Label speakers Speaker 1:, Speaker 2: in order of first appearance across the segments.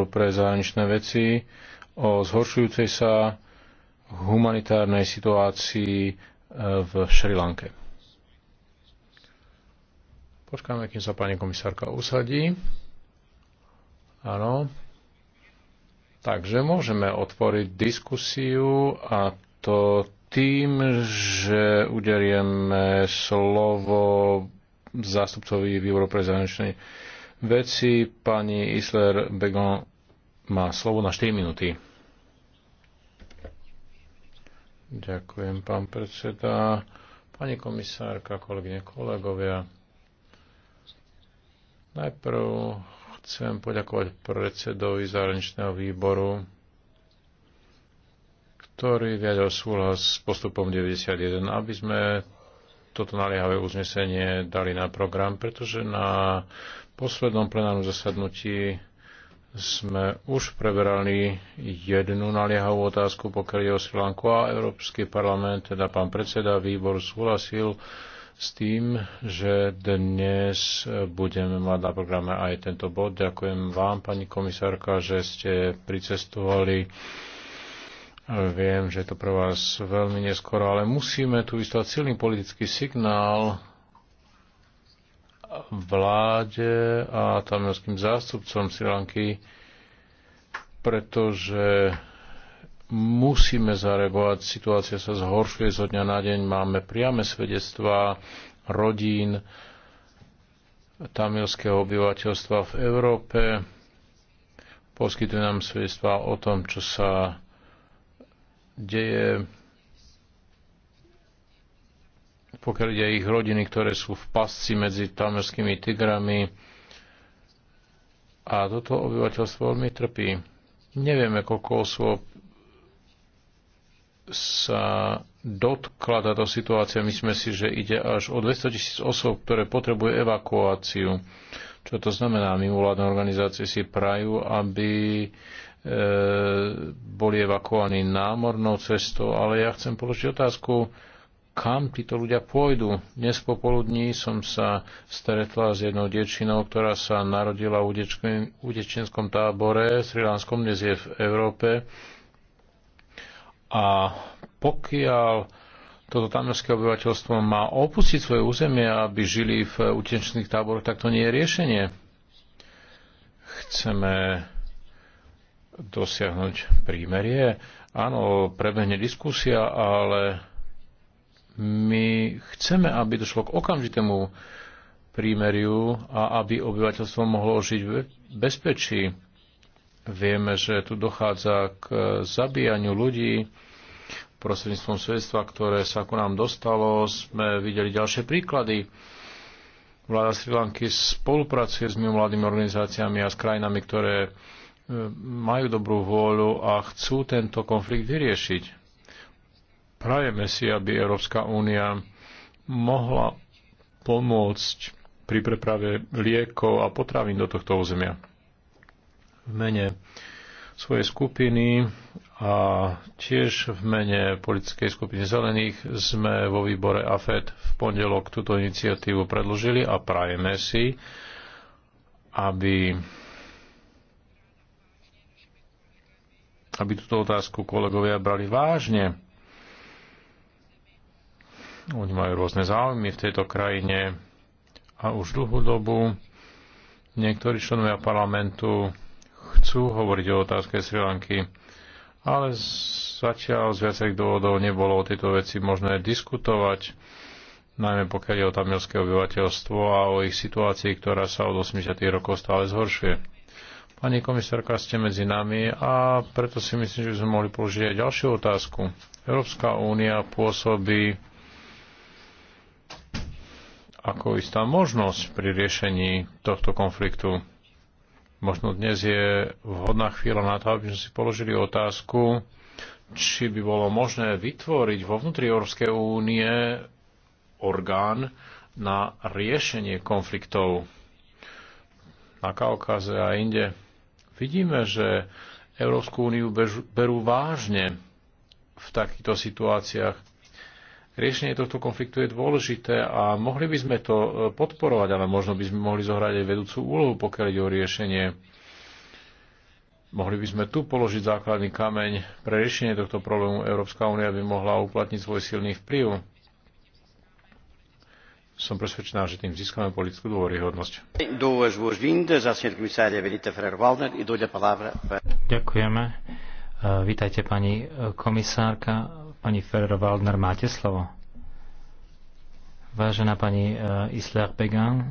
Speaker 1: výboru pre zahraničné veci o zhoršujúcej sa humanitárnej situácii e, v Šrilanke. Počkáme, kým sa pani komisárka usadí. Áno. Takže môžeme otvoriť diskusiu a to tým, že uderieme slovo zástupcovi výboru pre zahraničné veci pani Isler Begon má slovo na 4 minúty. Ďakujem, pán predseda. Pani komisárka, kolegyne, kolegovia. Najprv chcem poďakovať predsedovi zahraničného výboru, ktorý vyjadil súhlas s postupom 91, aby sme toto naliehavé uznesenie dali na program, pretože na poslednom plenárnom zasadnutí sme už preberali jednu naliehavú otázku, pokiaľ je o Sri Lanku a Európsky parlament, teda pán predseda výbor súhlasil s tým, že dnes budeme mať na programe aj tento bod. Ďakujem vám, pani komisárka, že ste pricestovali. Viem, že je to pre vás veľmi neskoro, ale musíme tu vyslať silný politický signál vláde a tamilským zástupcom Sri Lanky, pretože musíme zareagovať. Situácia sa zhoršuje zo dňa na deň. Máme priame svedectvá rodín tamilského obyvateľstva v Európe. Poskytujú nám svedectvá o tom, čo sa deje pokiaľ ide ich rodiny, ktoré sú v pasci medzi tamerskými tigrami. A toto obyvateľstvo veľmi trpí. Nevieme, koľko osôb sa dotkla táto situácia. Myslíme si, že ide až o 200 tisíc osôb, ktoré potrebujú evakuáciu. Čo to znamená? Mimovládne organizácie si prajú, aby e, boli evakuovaní námornou cestou, ale ja chcem položiť otázku, kam títo ľudia pôjdu. Dnes popoludní som sa stretla s jednou dievčinou, ktorá sa narodila v utečenskom tábore v Lanskom dnes je v Európe. A pokiaľ toto tamerské obyvateľstvo má opustiť svoje územie, aby žili v utečených táboroch, tak to nie je riešenie. Chceme dosiahnuť prímerie. Áno, prebehne diskusia, ale my chceme, aby došlo k okamžitému prímeriu a aby obyvateľstvo mohlo žiť v bezpečí. Vieme, že tu dochádza k zabíjaniu ľudí prostredníctvom svedstva, ktoré sa ku nám dostalo. Sme videli ďalšie príklady. Vláda Sri Lanky spolupracuje s mladými organizáciami a s krajinami, ktoré e, majú dobrú vôľu a chcú tento konflikt vyriešiť. Prajeme si, aby Európska únia mohla pomôcť pri preprave liekov a potravín do tohto územia. V mene svojej skupiny a tiež v mene politickej skupiny zelených sme vo výbore AFED v pondelok túto iniciatívu predložili a prajeme si, aby aby túto otázku kolegovia brali vážne oni majú rôzne záujmy v tejto krajine a už dlhú dobu niektorí členovia parlamentu chcú hovoriť o otázke Sri Lanky, ale zatiaľ z viacerých dôvodov nebolo o tejto veci možné diskutovať, najmä pokiaľ je o tamilské obyvateľstvo a o ich situácii, ktorá sa od 80. rokov stále zhoršuje. Pani komisárka, ste medzi nami a preto si myslím, že by sme mohli položiť aj ďalšiu otázku. Európska únia pôsobí ako istá možnosť pri riešení tohto konfliktu. Možno dnes je vhodná chvíľa na to, aby sme si položili otázku, či by bolo možné vytvoriť vo vnútri Európskej únie orgán na riešenie konfliktov na Kaukaze a inde. Vidíme, že Európsku úniu berú vážne v takýchto situáciách Riešenie tohto konfliktu je dôležité a mohli by sme to e, podporovať, ale možno by sme mohli zohrať aj vedúcu úlohu, pokiaľ ide o riešenie. Mohli by sme tu položiť základný kameň pre riešenie tohto problému. Európska únia by mohla uplatniť svoj silný vplyv. Som presvedčená, že tým získame politickú dôveryhodnosť.
Speaker 2: Ďakujeme. E, vítajte, pani komisárka. Pani Ferro waldner máte slovo. Vážená pani e, Isler-Began, e,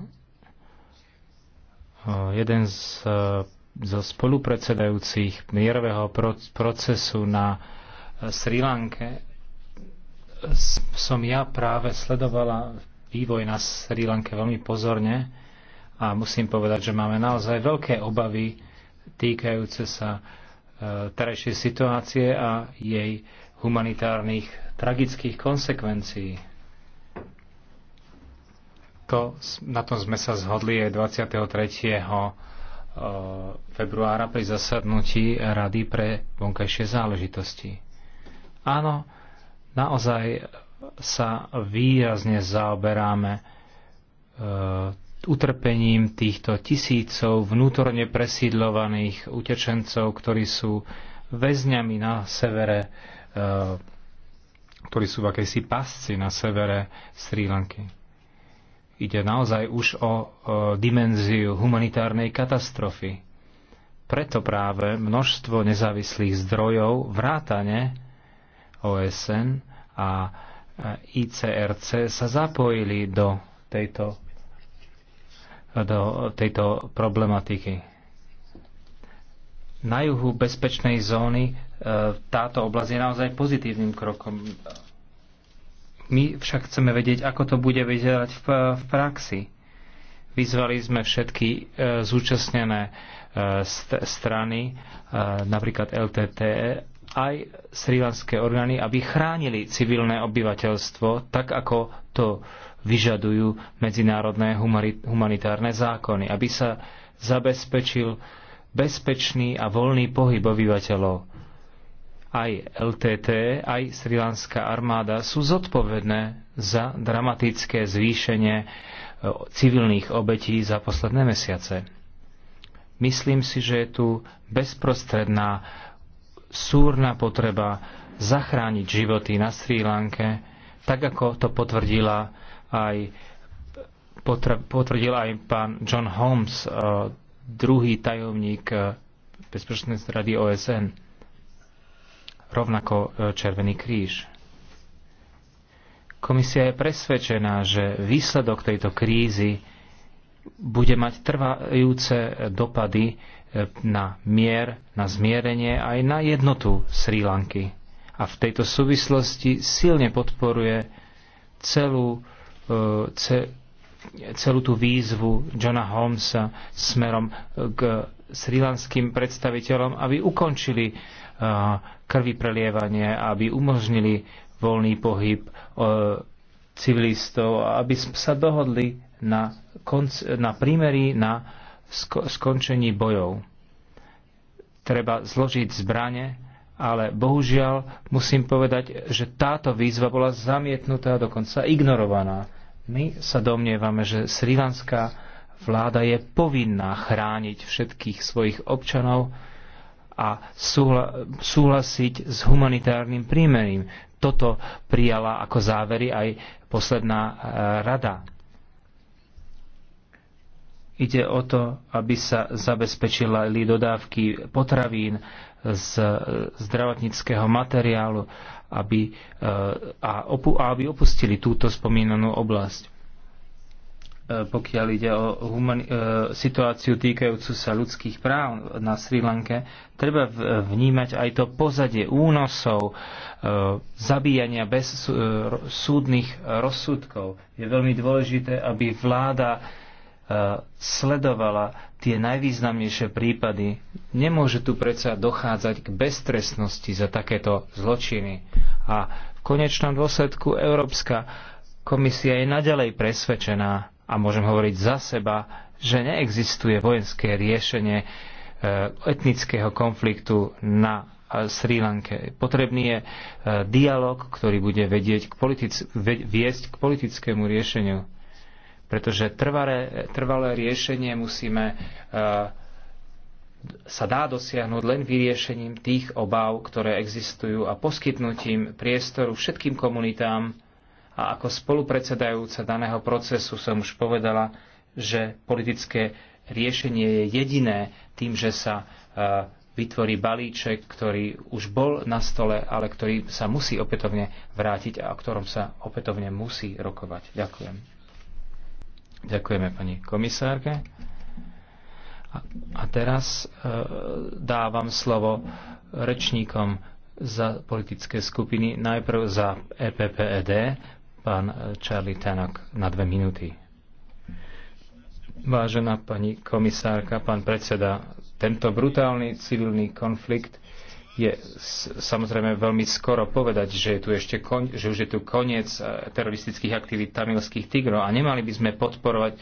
Speaker 2: jeden z, e, zo spolupredsedajúcich mierového procesu na Sri Lanke som ja práve sledovala vývoj na Sri Lanke veľmi pozorne a musím povedať, že máme naozaj veľké obavy týkajúce sa terajšej situácie a jej humanitárnych tragických konsekvencií. To, na tom sme sa zhodli aj 23. Eh, februára pri zasadnutí Rady pre vonkajšie záležitosti. Áno, naozaj sa výrazne zaoberáme eh, utrpením týchto tisícov vnútorne presídlovaných utečencov, ktorí sú väzňami na severe E, ktorí sú v akejsi pasci na severe Sri Lanky. Ide naozaj už o, dimenziu humanitárnej katastrofy. Preto práve množstvo nezávislých zdrojov, vrátane OSN a e, ICRC sa zapojili do tejto, do tejto problematiky. Na juhu bezpečnej zóny táto oblasť je naozaj pozitívnym krokom. My však chceme vedieť, ako to bude vyzerať v, v praxi. Vyzvali sme všetky e, zúčastnené e, st- strany, e, napríklad LTTE, aj srílanské orgány, aby chránili civilné obyvateľstvo tak, ako to vyžadujú medzinárodné humanitárne zákony, aby sa zabezpečil bezpečný a voľný pohyb obyvateľov aj LTT, aj Lanská armáda sú zodpovedné za dramatické zvýšenie e, civilných obetí za posledné mesiace. Myslím si, že je tu bezprostredná súrna potreba zachrániť životy na Sri Lanke, tak ako to potvrdila aj, potvrdil aj pán John Holmes, e, druhý tajomník e, Bezpečnostnej rady OSN rovnako e, Červený kríž. Komisia je presvedčená, že výsledok tejto krízy bude mať trvajúce dopady e, na mier, na zmierenie aj na jednotu Sri Lanky. A v tejto súvislosti silne podporuje celú, e, ce, celú tú výzvu Johna Holmesa smerom k srilanským predstaviteľom, aby ukončili krvi prelievanie, aby umožnili voľný pohyb e, civilistov, aby sa dohodli na, konc- na prímery na skončení bojov. Treba zložiť zbranie, ale bohužiaľ musím povedať, že táto výzva bola zamietnutá, dokonca ignorovaná. My sa domnievame, že srivanská vláda je povinná chrániť všetkých svojich občanov, a súhlasiť s humanitárnym prímerím. Toto prijala ako závery aj posledná e, rada. Ide o to, aby sa zabezpečili dodávky potravín z e, zdravotníckého materiálu aby, e, a, opu, a aby opustili túto spomínanú oblasť E, pokiaľ ide o humani- e, situáciu týkajúcu sa ľudských práv na Sri Lanke, treba vnímať aj to pozadie únosov, e, zabíjania bez súdnych rozsudkov. Je veľmi dôležité, aby vláda sledovala tie najvýznamnejšie prípady. Nemôže tu predsa dochádzať k beztresnosti za takéto zločiny. A v konečnom dôsledku Európska komisia je naďalej presvedčená, a môžem hovoriť za seba, že neexistuje vojenské riešenie e, etnického konfliktu na e, Sri Lanke. Potrebný je e, dialog, ktorý bude vedieť k politic- viesť k politickému riešeniu. Pretože trvalé, trvalé riešenie musíme sa dá dosiahnuť len vyriešením tých obáv, ktoré existujú a poskytnutím priestoru všetkým komunitám, a ako spolupredsedajúca daného procesu som už povedala, že politické riešenie je jediné tým, že sa e, vytvorí balíček, ktorý už bol na stole, ale ktorý sa musí opätovne vrátiť a o ktorom sa opätovne musí rokovať. Ďakujem. Ďakujeme pani komisárke. A teraz e, dávam slovo rečníkom za politické skupiny, najprv za EPPED, pán Charlie Tanok na dve minúty. Vážená pani komisárka, pán predseda, tento brutálny civilný konflikt je samozrejme veľmi skoro povedať, že, je tu ešte kon, že už je tu koniec eh, teroristických aktivít tamilských tigrov a nemali by sme podporovať eh,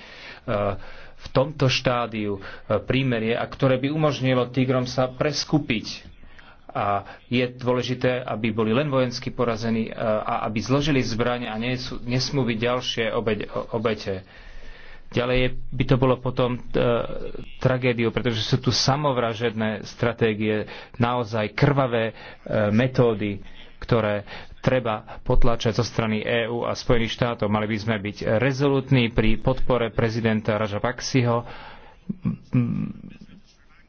Speaker 2: v tomto štádiu eh, prímerie, a ktoré by umožnilo tigrom sa preskupiť a je dôležité, aby boli len vojensky porazení a aby zložili zbranie a nesmú byť ďalšie obete. Ďalej by to bolo potom e, tragédiou, pretože sú tu samovražedné stratégie, naozaj krvavé e, metódy, ktoré treba potláčať zo strany EÚ a Spojených štátov. Mali by sme byť rezolutní pri podpore prezidenta Raža Paxiho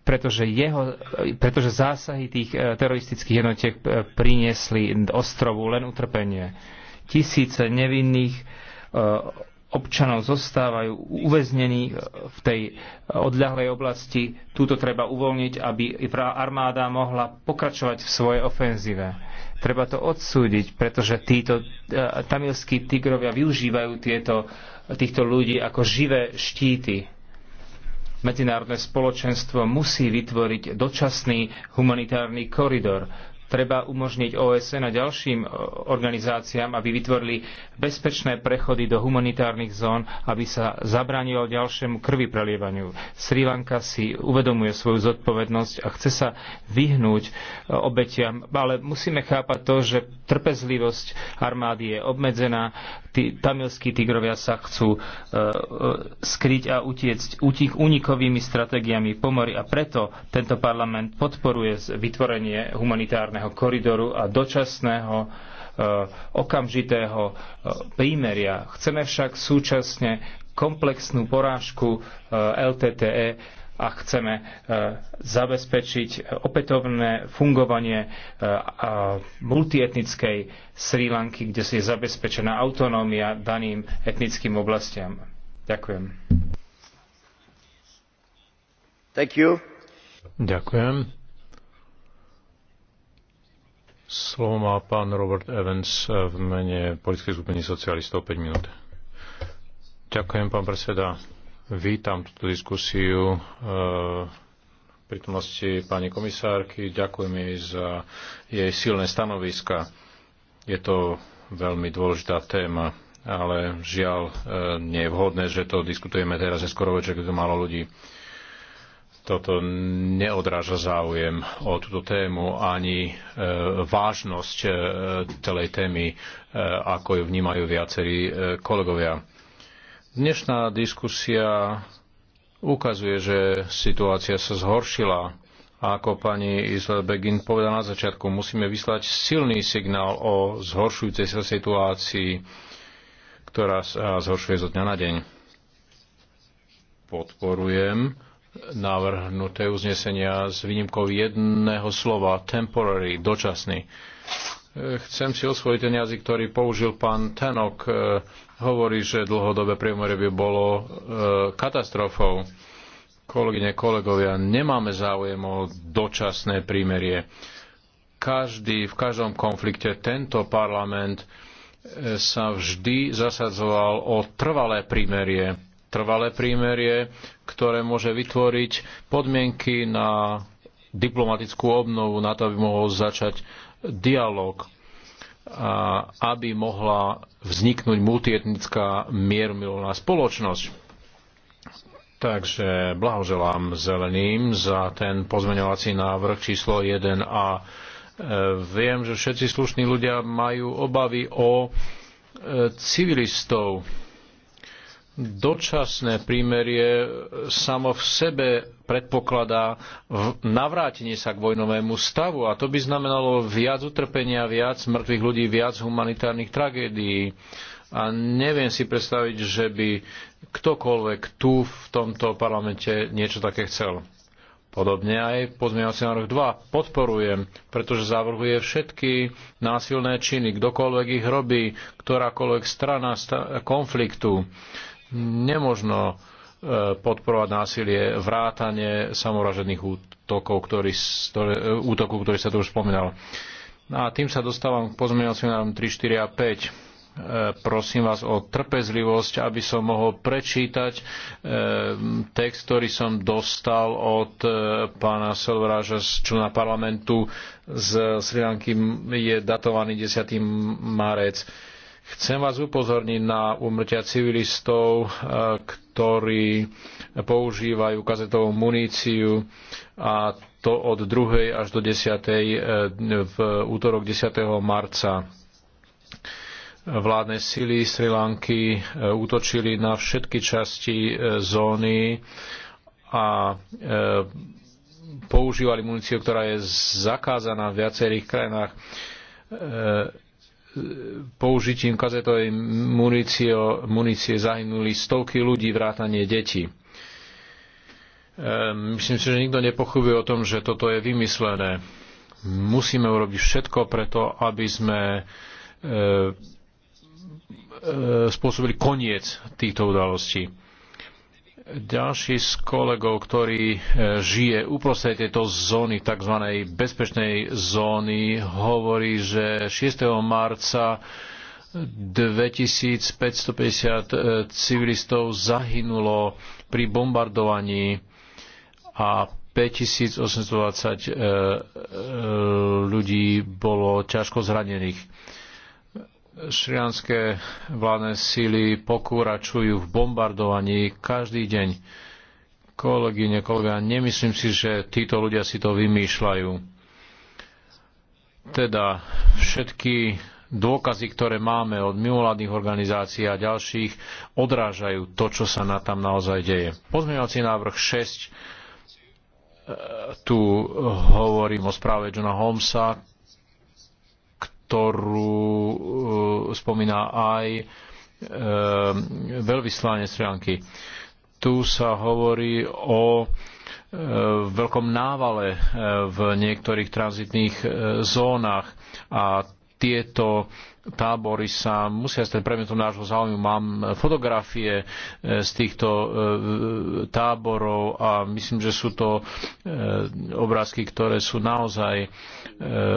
Speaker 2: pretože, jeho, pretože zásahy tých e, teroristických jednotiek e, priniesli ostrovu len utrpenie. Tisíce nevinných e, občanov zostávajú uväznení v tej odľahlej oblasti. Túto treba uvoľniť, aby armáda mohla pokračovať v svojej ofenzíve. Treba to odsúdiť, pretože títo tamilskí tigrovia využívajú tieto, týchto ľudí ako živé štíty Medzinárodné spoločenstvo musí vytvoriť dočasný humanitárny koridor, Treba umožniť OSN a ďalším e, organizáciám, aby vytvorili bezpečné prechody do humanitárnych zón, aby sa zabránilo ďalšiemu krvi prelievaniu. Sri Lanka si uvedomuje svoju zodpovednosť a chce sa vyhnúť e, obetiam, ale musíme chápať to, že trpezlivosť armády je obmedzená, tí tamilskí tigrovia sa chcú e, e, skryť a utiecť utich unikovými stratégiami pomory a preto tento parlament podporuje vytvorenie humanitárnej humanitárneho koridoru a dočasného e, okamžitého e, prímeria. Chceme však súčasne komplexnú porážku LTTE e a chceme zabezpečiť opätovné fungovanie multietnickej Sri Lanky, kde si je zabezpečená autonómia daným etnickým oblastiam. Ďakujem. Thank you.
Speaker 1: Ďakujem. Slovo má pán Robert Evans v mene politickej skupiny socialistov 5 minút. Ďakujem, pán predseda. Vítam túto diskusiu v e, prítomnosti pani komisárky. Ďakujem jej za jej silné stanoviska. Je to veľmi dôležitá téma, ale žiaľ e, nie je vhodné, že to diskutujeme teraz neskoro večer, keď to málo ľudí. Toto neodráža záujem o túto tému ani e, vážnosť e, celej témy, e, ako ju vnímajú viacerí e, kolegovia. Dnešná diskusia ukazuje, že situácia sa zhoršila. A ako pani Isla Begin povedala na začiatku, musíme vyslať silný signál o zhoršujúcej sa situácii, ktorá sa zhoršuje zo dňa na deň. Podporujem navrhnuté uznesenia s výnimkou jedného slova temporary, dočasný. E, chcem si osvojiť ten jazyk, ktorý použil pán Tenok. E, hovorí, že dlhodobé priemore by bolo e, katastrofou. Kolegyne, kolegovia, nemáme záujem o dočasné prímerie. Každý, v každom konflikte tento parlament sa vždy zasadzoval o trvalé prímerie trvalé prímerie, ktoré môže vytvoriť podmienky na diplomatickú obnovu, na to, aby mohol začať dialog a aby mohla vzniknúť multietnická miermilovná spoločnosť. Takže blahoželám zeleným za ten pozmeňovací návrh číslo 1a. E, viem, že všetci slušní ľudia majú obavy o e, civilistov, dočasné prímerie samo v sebe predpokladá navrátenie sa k vojnovému stavu a to by znamenalo viac utrpenia, viac mŕtvych ľudí, viac humanitárnych tragédií. A neviem si predstaviť, že by ktokoľvek tu v tomto parlamente niečo také chcel. Podobne aj pozmeňovací návrh 2 podporujem, pretože zavrhuje všetky násilné činy, kdokoľvek ich robí, ktorákoľvek strana konfliktu nemožno e, podporovať násilie, vrátanie samovražedných útokov, ktorý, e, útoku, ktorý sa tu už spomínal. No a tým sa dostávam k pozmeňovacím návrhom 3, 4 a 5. E, prosím vás o trpezlivosť, aby som mohol prečítať text, ktorý som dostal od pána z člena parlamentu z Sri Lanky, je datovaný 10. marec Chcem vás upozorniť na umrtia civilistov, eh, ktorí používajú kazetovú muníciu a to od 2. až do 10. Eh, v útorok 10. marca. Vládne sily Sri Lanky eh, útočili na všetky časti zóny a používali muníciu, ktorá je zakázaná v viacerých krajinách použitím kazetovej munície, munície zahynuli stovky ľudí vrátanie detí. Ehm, myslím si, že nikto nepochybuje o tom, že toto je vymyslené. Musíme urobiť všetko preto, aby sme ehm, ehm, spôsobili koniec týchto udalostí ďalší z kolegov, ktorý e, žije uprostred tejto zóny, tzv. bezpečnej zóny, hovorí, že 6. marca 2550 e, civilistov zahynulo pri bombardovaní a 5820 e, ľudí bolo ťažko zranených Šrianské vládne síly pokúračujú v bombardovaní každý deň. Kolegyne, kolega, nemyslím si, že títo ľudia si to vymýšľajú. Teda všetky dôkazy, ktoré máme od mimovládnych organizácií a ďalších, odrážajú to, čo sa na tam naozaj deje. Pozmeňovací návrh 6 e, tu hovorím o správe Johna Holmesa, ktorú eh, spomína aj eh, veľvyslanec Srianky. Tu sa hovorí o eh, veľkom návale v niektorých tranzitných zónach a tieto tábory sa musia stať predmetom nášho záujmu. Mám fotografie z týchto táborov a myslím, že sú to obrázky, ktoré sú naozaj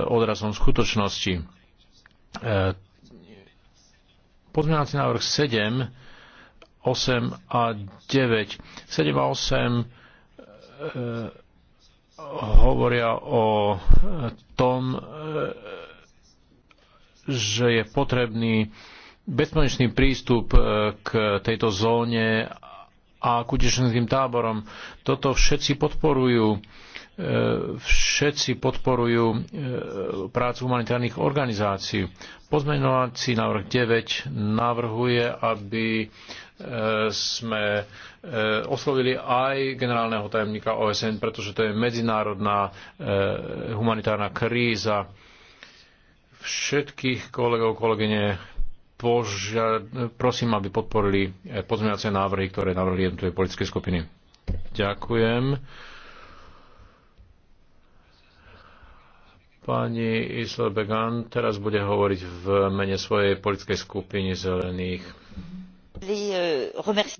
Speaker 1: odrazom skutočnosti E, pozmeňovací návrh 7, 8 a 9. 7 a 8 e, hovoria o tom, e, že je potrebný bezpodmienečný prístup k tejto zóne a k utečeným táborom. Toto všetci podporujú E, všetci podporujú e, prácu humanitárnych organizácií. Pozmenovací návrh 9 navrhuje, aby e, sme oslovili aj generálneho tajemníka OSN, pretože to je medzinárodná humanitárna kríza. Všetkých kolegov, kolegyne požia- prosím, aby podporili pozmeňovacie návrhy, ktoré navrhli jednotlivé politické skupiny. Ďakujem. Pani Isla Began teraz bude hovoriť v mene svojej politickej skupiny zelených.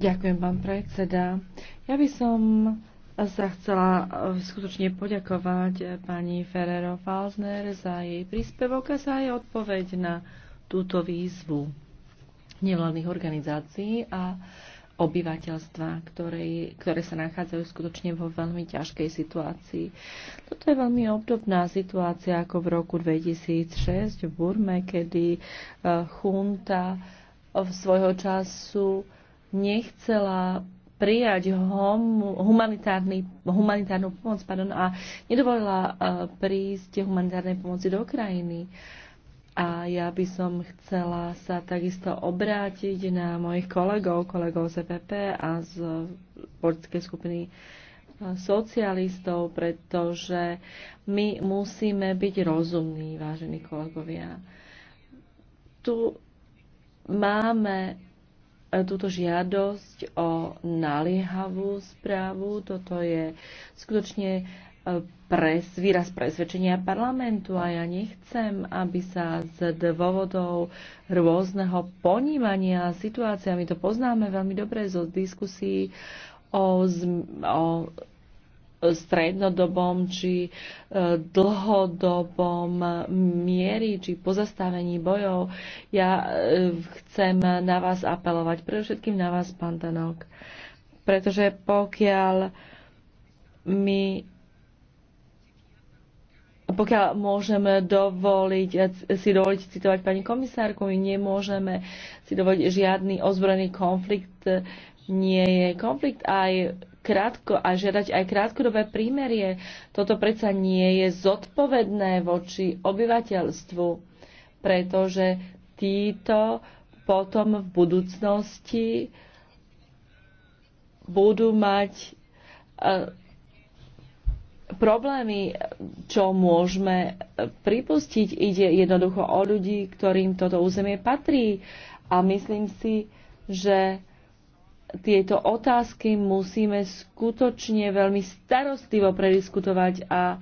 Speaker 3: Ďakujem, pán predseda. Ja by som sa chcela eh, skutočne poďakovať eh, pani Ferrero Falsner za jej príspevok a za jej odpoveď na túto výzvu nevládnych organizácií a obyvateľstva, ktoré, ktoré sa nachádzajú skutočne vo veľmi ťažkej situácii. Toto je veľmi obdobná situácia ako v roku 2006 v Burme, kedy eh, chunta v svojho času nechcela prijať hom, humanitárny, humanitárnu pomoc pardon, a nedovolila eh, prísť humanitárnej pomoci do krajiny. Uh, a ja by som chcela sa takisto obrátiť na mojich kolegov, kolegov z EPP a z politickej skupiny e, socialistov, pretože my musíme byť rozumní, vážení kolegovia. Tu máme e, túto žiadosť o naliehavú správu. Toto je skutočne e, pres, výraz presvedčenia parlamentu a ja nechcem, aby sa z dôvodov rôzneho ponímania situácia, my to poznáme veľmi dobre zo diskusí o, o strednodobom či e, dlhodobom miery či pozastavení bojov. Ja e, chcem na vás apelovať, predovšetkým na vás, pán Tanok, pretože pokiaľ my pokiaľ môžeme dovoliť, si dovoliť citovať pani komisárku, my nemôžeme si dovoliť žiadny ozbrojený konflikt, nie je konflikt aj krátko a žiadať aj krátkodobé prímerie. Toto predsa nie je zodpovedné voči obyvateľstvu, pretože títo potom v budúcnosti budú mať eh, problémy, čo môžeme pripustiť. Ide jednoducho o ľudí, ktorým toto územie patrí. A myslím si, že tieto otázky musíme skutočne veľmi starostlivo prediskutovať a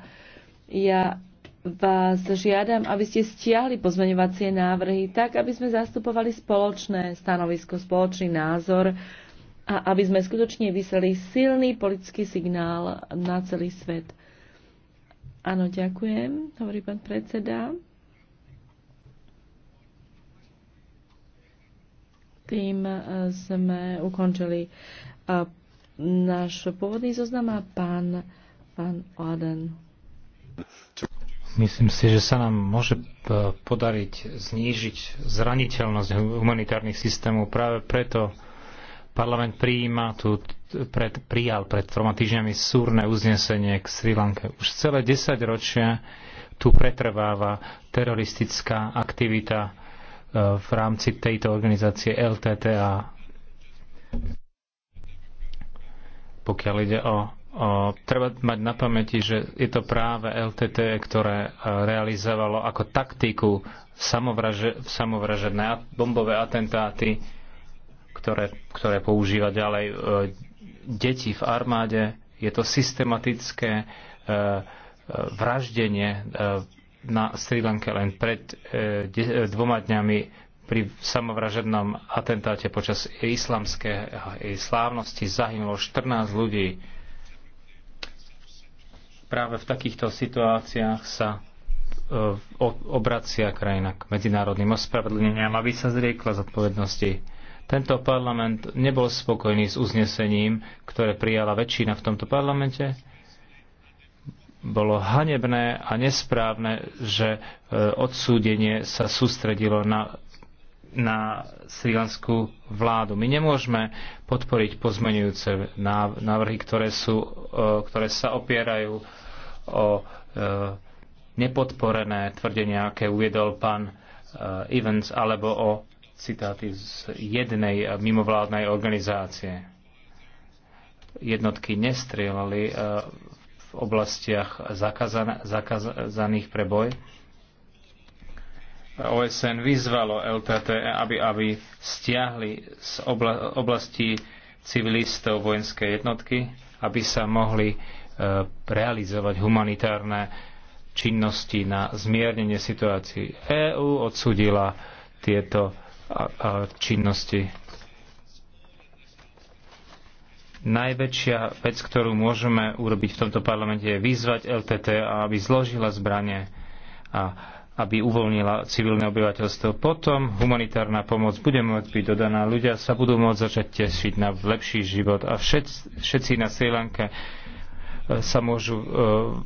Speaker 3: ja vás žiadam, aby ste stiahli pozmeňovacie návrhy tak, aby sme zastupovali spoločné stanovisko, spoločný názor a aby sme skutočne vyseli silný politický signál na celý svet. Áno, ďakujem, hovorí pán predseda. Tým e, sme ukončili e, náš pôvodný zoznam a pán, pán Oden.
Speaker 2: Myslím si, že sa nám môže e, podariť znížiť zraniteľnosť humanitárnych systémov práve preto, Parlament prijíma tu pred, prijal pred troma týždňami súrne uznesenie k Sri Lanke. Už celé 10 ročia tu pretrváva teroristická aktivita e, v rámci tejto organizácie LTTA. Pokiaľ ide o O, treba mať na pamäti, že je to práve LTT, ktoré e, realizovalo ako taktiku samovraže, samovražedné bombové atentáty ktoré, ktoré používa ďalej e, deti v armáde. Je to systematické e, e, vraždenie na Sri Lanka len pred dvoma dňami pri samovražednom atentáte počas islamskej slávnosti zahynulo 14 ľudí. Práve v takýchto situáciách sa obracia krajina k medzinárodným ospravedleniam, aby sa zriekla zodpovednosti tento parlament nebol spokojný s uznesením, ktoré prijala väčšina v tomto parlamente. Bolo hanebné a nesprávne, že e, odsúdenie sa sústredilo na, na srílanskú vládu. My nemôžeme podporiť pozmenujúce návrhy, ktoré, sú, e, ktoré sa opierajú o e, nepodporené tvrdenia, aké uviedol pán Evans, alebo o citáty z jednej mimovládnej organizácie. Jednotky nestrieľali eh, v oblastiach zakazan- zakazaných pre boj. OSN vyzvalo LTT, aby, aby stiahli z obla- oblasti civilistov vojenské jednotky, aby sa mohli e, realizovať humanitárne činnosti na zmiernenie situácií. EÚ odsudila tieto a, a činnosti. Najväčšia vec, ktorú môžeme urobiť v tomto parlamente, je vyzvať LTT, aby zložila zbranie a aby uvoľnila civilné obyvateľstvo. Potom humanitárna pomoc bude môcť byť dodaná. Ľudia sa budú môcť začať tešiť na lepší život a všetci, všetci na Sri Lanke e, sa môžu e,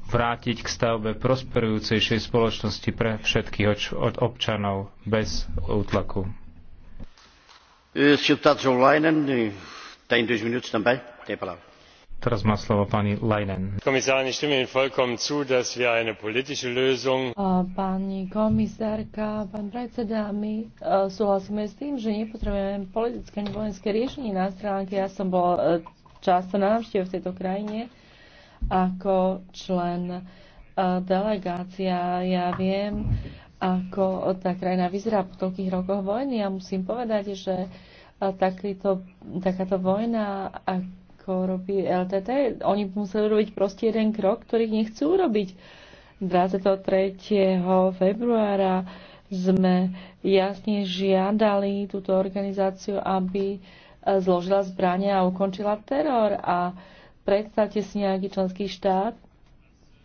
Speaker 2: vrátiť k stavbe prosperujúcejšej spoločnosti pre všetkých občanov bez útlaku. Teraz má slovo pani Leinen.
Speaker 3: Pani komisárka, pán predseda, my e, súhlasíme s tým, že nepotrebujeme politické ani vojenské riešenie na stránke. Ja som bol e, často na návšteve v tejto krajine ako člen e, delegácia. Ja viem, ako tá krajina vyzerá po toľkých rokoch vojny. Ja musím povedať, že takýto, takáto vojna, ako robí LTT, oni museli robiť proste jeden krok, ktorý nechcú robiť. 23. februára sme jasne žiadali túto organizáciu, aby zložila zbrania a ukončila teror. A predstavte si nejaký členský štát,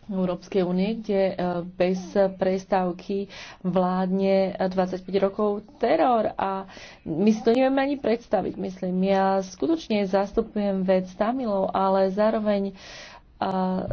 Speaker 3: Európskej únie, kde e, bez prestávky vládne 25 rokov teror a my si to nevieme ani predstaviť, myslím. Ja skutočne zastupujem vec Tamilov, ale zároveň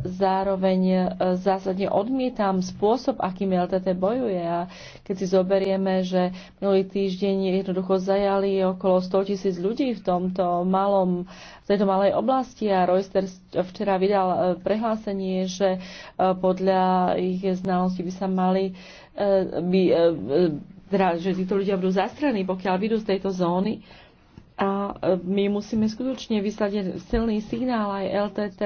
Speaker 3: zároveň e, zásadne odmietam spôsob, akým LTT bojuje. A keď si zoberieme, že minulý týždeň jednoducho zajali okolo 100 tisíc ľudí v tomto malom, v tejto malej oblasti a Reuters včera vydal e, prehlásenie, že e, podľa ich znalostí by sa mali by, teda, že títo ľudia budú zastraní, pokiaľ vyjdú z tejto zóny. A my musíme skutočne vyslať silný signál aj LTT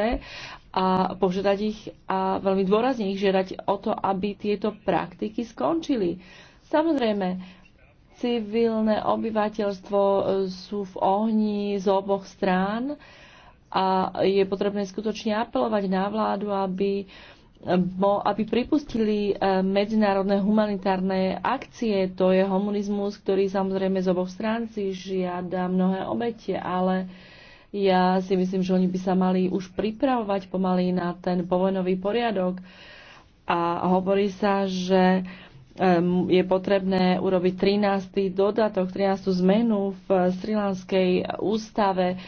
Speaker 3: a požiadať ich a veľmi dôrazne ich žiadať o to, aby tieto praktiky skončili. Samozrejme, civilné obyvateľstvo e, sú v ohni z oboch strán a je potrebné skutočne apelovať na vládu, aby, e, aby pripustili e, medzinárodné humanitárne akcie. To je komunizmus, ktorý samozrejme z oboch strán si žiada mnohé obete, ale uh, ja si myslím, že oni by sa mali už pripravovať pomaly na ten povojnový poriadok. A hovorí sa, že je potrebné urobiť 13. dodatok, 13. zmenu v Srilanskej ústave,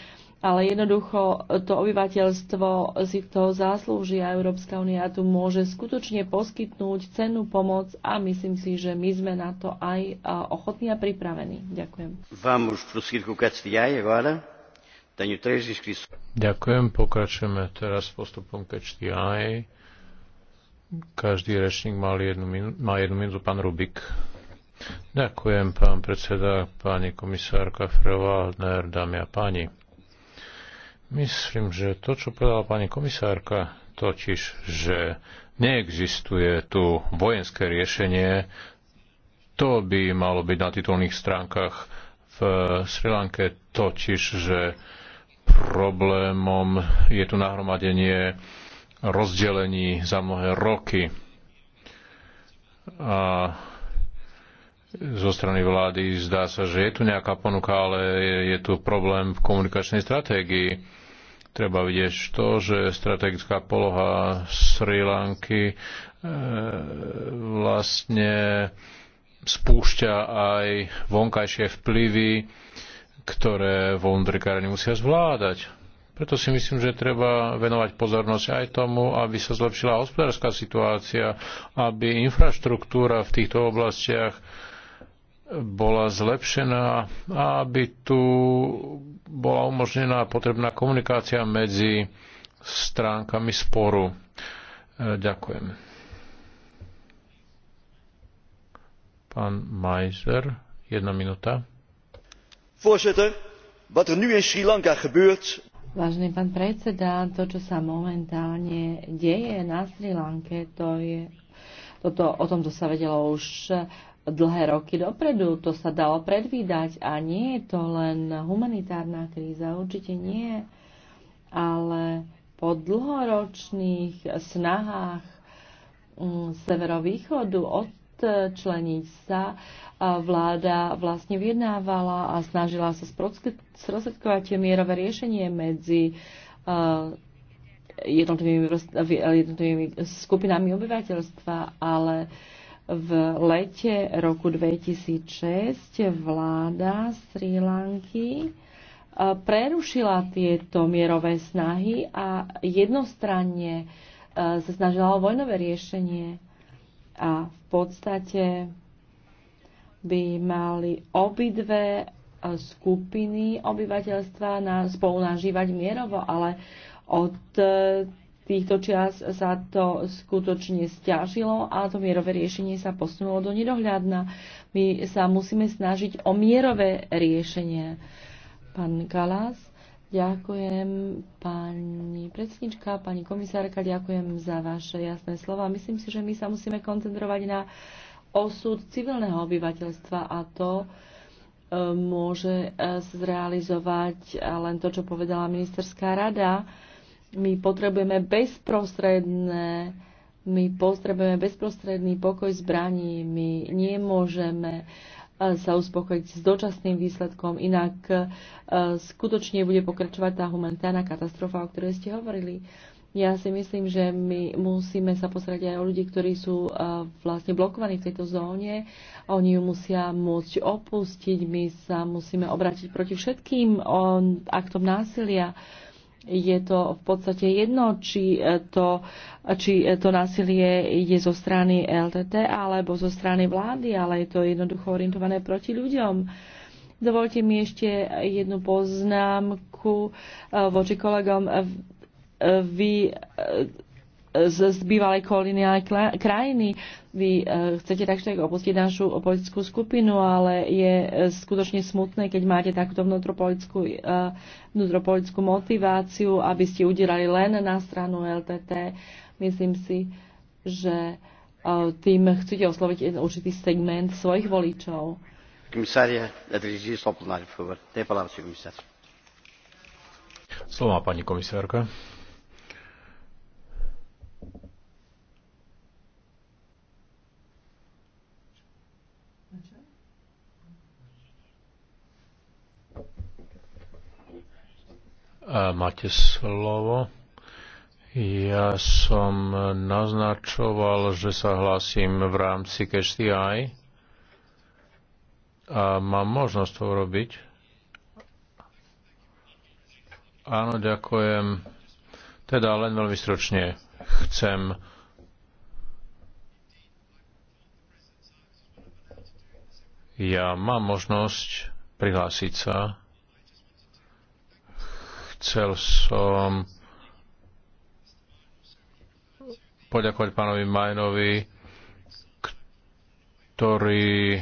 Speaker 3: ale jednoducho to obyvateľstvo si to zaslúži a Európska únia tu môže skutočne poskytnúť cennú pomoc a myslím si, že my sme na to aj ochotní a pripravení.
Speaker 1: Ďakujem. Vamos prosseguir com o agora. Ďakujem, pokračujeme teraz postupom ke KHTI. Každý rečník mal jednu minu- má jednu minútu, pán Rubik. Ďakujem, pán predseda, pani komisárka Frevá, dámy a páni. Myslím, že to, čo povedala pani komisárka, totiž, že neexistuje tu vojenské riešenie, to by malo byť na titulných stránkach v Sri Lanke, totiž, že problémom je tu nahromadenie rozdelení za mnohé roky. A zo strany vlády zdá sa, že je tu nejaká ponuka, ale je tu problém v komunikačnej stratégii. Treba vidieť to, že strategická poloha Sri Lanky e, vlastne spúšťa aj vonkajšie vplyvy e, ktoré voľnodrikárne nemusia zvládať. Preto si myslím, že treba venovať pozornosť aj tomu, aby sa zlepšila hospodárska situácia, aby infraštruktúra v týchto oblastiach bola zlepšená a aby tu bola umožnená potrebná komunikácia medzi stránkami sporu. E, ďakujem. Pán Majzer, jedna minúta.
Speaker 3: Voorzitter, wat er nu in Sri Lanka gebeurt. Vážený pán predseda, to, čo sa momentálne deje na Sri Lanke, to je, toto, o tomto sa vedelo už dlhé roky dopredu. To sa dalo predvídať a nie je to len humanitárna kríza, určite nie, ale po dlhoročných snahách mm, severovýchodu od odčleniť sa vláda vlastne vyjednávala a snažila sa sprostredkovať mierové riešenie medzi jednotlivými, jednotlivými skupinami obyvateľstva, ale v lete roku 2006 vláda Sri Lanky prerušila tieto mierové snahy a jednostranne sa snažila o vojnové riešenie a v podstate by mali obidve e, skupiny obyvateľstva na, spolu nažívať mierovo, ale od e, týchto čias sa to skutočne stiažilo a to mierové riešenie sa posunulo do nedohľadna. My sa musíme snažiť o mierové riešenie. Pán Kalas. Ďakujem pani predsnička, pani komisárka, ďakujem za vaše jasné slova. Myslím si, že my sa musíme koncentrovať na osud civilného obyvateľstva a to e, môže e, zrealizovať e, len to, čo povedala ministerská rada. My potrebujeme bezprostredné my potrebujeme bezprostredný pokoj zbraní, my nemôžeme uh, sa uspokojiť s dočasným výsledkom, inak e, skutočne bude pokračovať tá humanitárna katastrofa, o ktorej ste hovorili. Ja si myslím, že my musíme sa posrať aj o ľudí, ktorí sú e, vlastne blokovaní v tejto zóne. Oni ju musia môcť opustiť. My sa musíme obrátiť proti všetkým aktom násilia je to v podstate jedno, či e, to, či e, to násilie je zo strany LTT alebo zo strany vlády, ale je to jednoducho orientované proti ľuďom. Dovolte mi ešte jednu poznámku e, voči kolegom. Vy z, z bývalej koloniálnej krajiny. Vy e, chcete takto tak opustiť našu politickú skupinu, ale je e, skutočne smutné, keď máte takúto vnútropolitickú, e, vnútropolitickú motiváciu, aby ste udirali len na stranu LTT. Myslím si, že tým chcete osloviť určitý segment svojich voličov.
Speaker 2: Komisária,
Speaker 1: Slovo má pani komisárka. Máte slovo. Ja som naznačoval, že sa hlásim v rámci TI a mám možnosť to urobiť. Áno, ďakujem. Teda len veľmi stručne chcem ja mám možnosť prihlásiť sa Chcel som poďakovať pánovi Majnovi, ktorý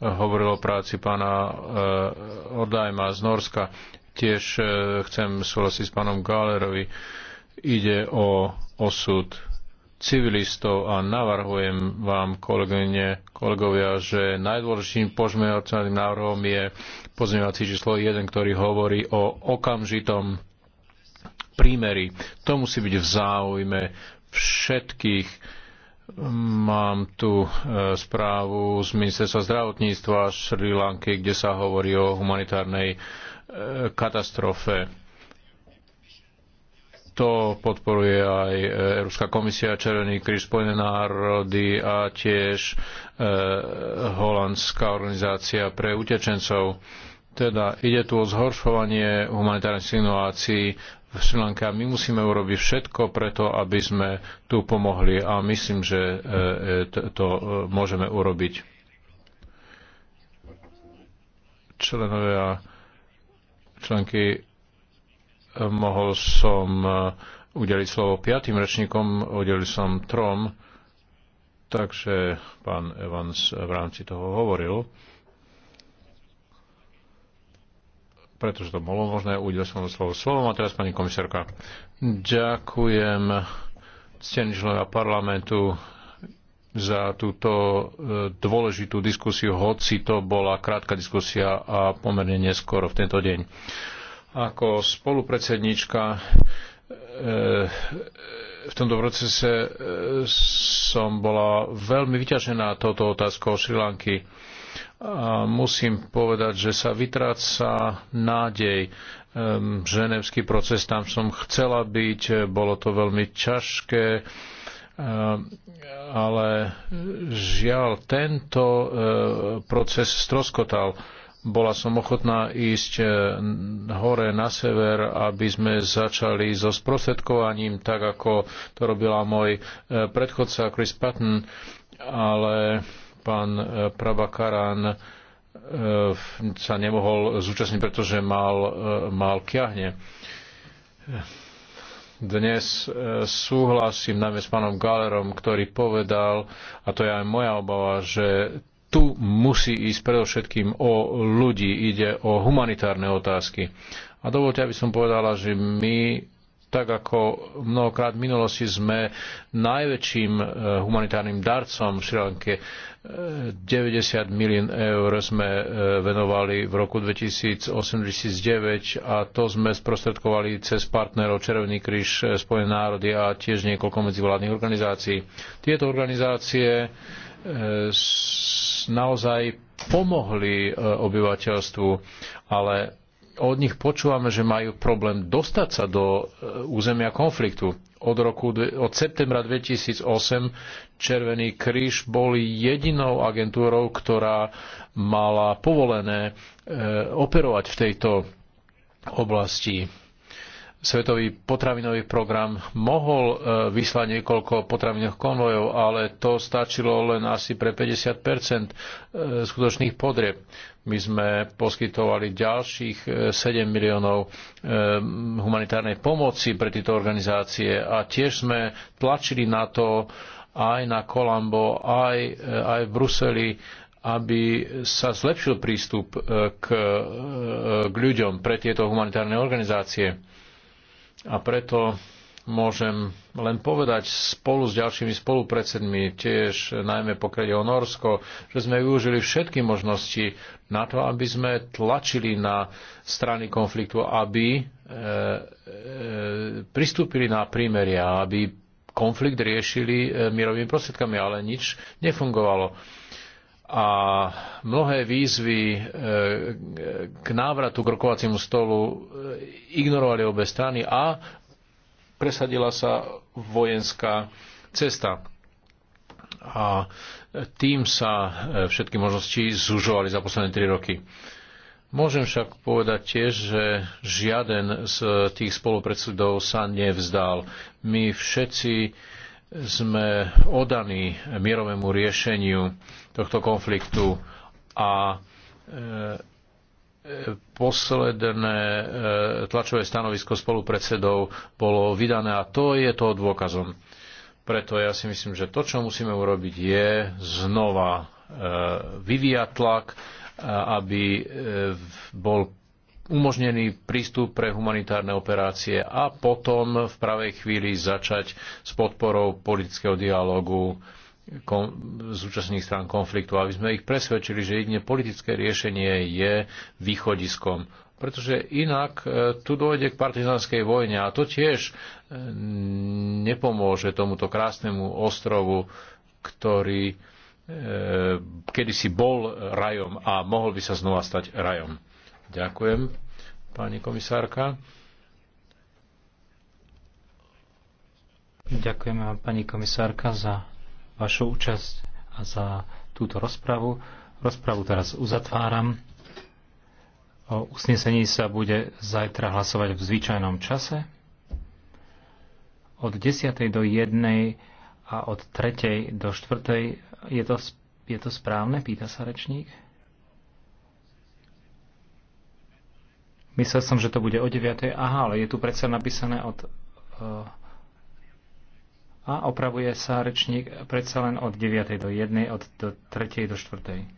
Speaker 1: hovoril o práci pána eh, Odajma z Norska. Tiež eh, chcem súhlasiť s pánom Gálerovi. Ide o osud civilistov a navrhujem vám, kolegyne, kolegovia, že najdôležitým pozmeňovacím návrhom je pozmeňovací číslo 1, ktorý hovorí o okamžitom prímeri. To musí byť v záujme všetkých. Mám tu e, správu z Ministerstva zdravotníctva Sri Lanky, kde sa hovorí o humanitárnej e, katastrofe to podporuje aj e, Európska komisia, Červený kríž, Spojené národy a tiež e, holandská organizácia pre utečencov. Teda ide tu o zhoršovanie humanitárnej situácii v Sri Lanke a my musíme urobiť všetko preto, aby sme tu pomohli a myslím, že e, e to e, môžeme urobiť. Členovia členky mohol som e, udeliť slovo piatým rečníkom, udelil som trom, takže pán Evans v rámci toho hovoril. Pretože to bolo možné, udelil som slovo slovom a teraz pani komisárka. Ďakujem ctení členovia parlamentu za túto e, dôležitú diskusiu, hoci to bola krátka diskusia a pomerne neskoro v tento deň. Ako spolupredsedníčka e, v tomto procese e, som bola veľmi vyťažená touto otázkou Šri Lanky. A musím povedať, že sa vytráca nádej. E, ženevský proces, tam som chcela byť, bolo to veľmi ťažké, ale žiaľ, tento proces stroskotal bola som ochotná ísť e, hore na sever, aby sme začali so sprostredkovaním, tak ako to robila môj e, predchodca Chris Patton, ale pán e, Prabakaran sa nemohol zúčastniť, pretože mal, mal kiahne. Dnes súhlasím najmä s pánom Galerom, ktorý povedal, a to je aj moja obava, že tu musí ísť predovšetkým o ľudí, ide o humanitárne otázky. A dovolte, aby som povedala, že my, tak ako mnohokrát v minulosti, sme najväčším e, humanitárnym darcom v Šrilanke, 90 e, milión eur sme e, venovali v roku 2008-2009 a to sme sprostredkovali cez partnerov Červený kríž, Spojené národy a tiež niekoľko medzivládnych organizácií. Tieto organizácie naozaj pomohli e, obyvateľstvu, ale od nich počúvame, že majú problém dostať sa do e, územia konfliktu. Od, roku, od septembra 2008 Červený kríž bol jedinou agentúrou, ktorá mala povolené e, operovať v tejto oblasti Svetový potravinový program mohol e, vyslať niekoľko potravinových konvojov, ale to stačilo len asi pre 50 e, skutočných podrieb. My sme poskytovali ďalších 7 e, miliónov humanitárnej pomoci pre tieto organizácie a tiež sme tlačili na to aj na Kolambo, aj, aj v Bruseli, aby sa zlepšil prístup k, k ľuďom pre tieto humanitárne organizácie a preto môžem len povedať spolu s ďalšími spolupredsedmi, tiež najmä pokiaľ je o Norsko, že sme využili všetky možnosti na to, aby sme tlačili na strany konfliktu, aby e, e, pristúpili na prímeria, aby konflikt riešili e, mierovými mirovými prostriedkami, ale nič nefungovalo a mnohé výzvy e, k návratu k rokovaciemu stolu e, ignorovali obe strany a presadila sa vojenská cesta. A tým sa e, všetky možnosti zužovali za posledné 3 roky. Môžem však povedať tiež, že žiaden z tých spolupredsedov sa nevzdal. My všetci sme odaní mierovému riešeniu tohto konfliktu a e, e, posledné e, tlačové stanovisko spolupredsedov bolo vydané a to je toho dôkazom. Preto ja si myslím, že to, čo musíme urobiť, je znova vyvíjať tlak, aby bol umožnený prístup pre humanitárne operácie a potom v pravej chvíli začať s podporou politického dialógu zúčastnených strán konfliktu, aby sme ich presvedčili, že jedine politické riešenie je východiskom. Pretože inak e, tu dojde k partizanskej vojne a to tiež e, nepomôže tomuto krásnemu ostrovu, ktorý e, kedysi bol rajom a mohol by sa znova stať rajom.
Speaker 2: Ďakujem, pani komisárka. Ďakujem vám, pani komisárka, za vašu účasť a za túto rozpravu. Rozpravu teraz uzatváram. O usnesení sa bude zajtra hlasovať v zvyčajnom čase od 10. do 1. a od 3. do 4. Je to, je to správne? Pýta sa rečník. Myslel som, že to bude o 9. Aha, ale je tu predsa napísané od... Eh, a opravuje sa rečník predsa len od 9. do 1. od do 3. do 4.